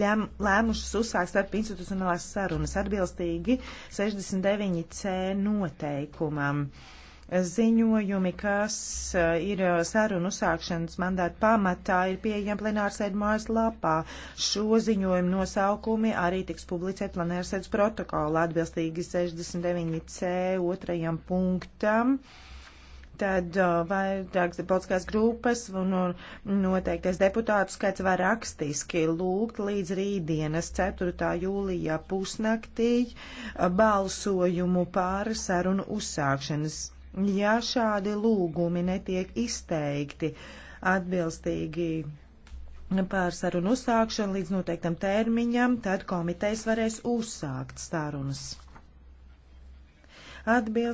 Lēm, lēmušas uzsākt starp institucionālās sarunas atbilstīgi 69C noteikumam. Ziņojumi, kas e, ir e, sarunu uzsākšanas mandāta pamatā, ir pieejami plenārsēdu mājas lapā. Šo ziņojumu nosaukumi arī tiks publicēt plenārsēdas protokola atbilstīgi 69C otrajam punktam tad uh, vairākas politiskās grupas un noteiktais deputātu skaits var rakstiski lūgt līdz rītdienas 4. jūlijā pusnaktī uh, balsojumu pār sarunu uzsākšanas. Ja šādi lūgumi netiek izteikti atbilstīgi pār sarunu uzsākšanu līdz noteiktam termiņam, tad komitejas varēs uzsākt sarunas. Atbilst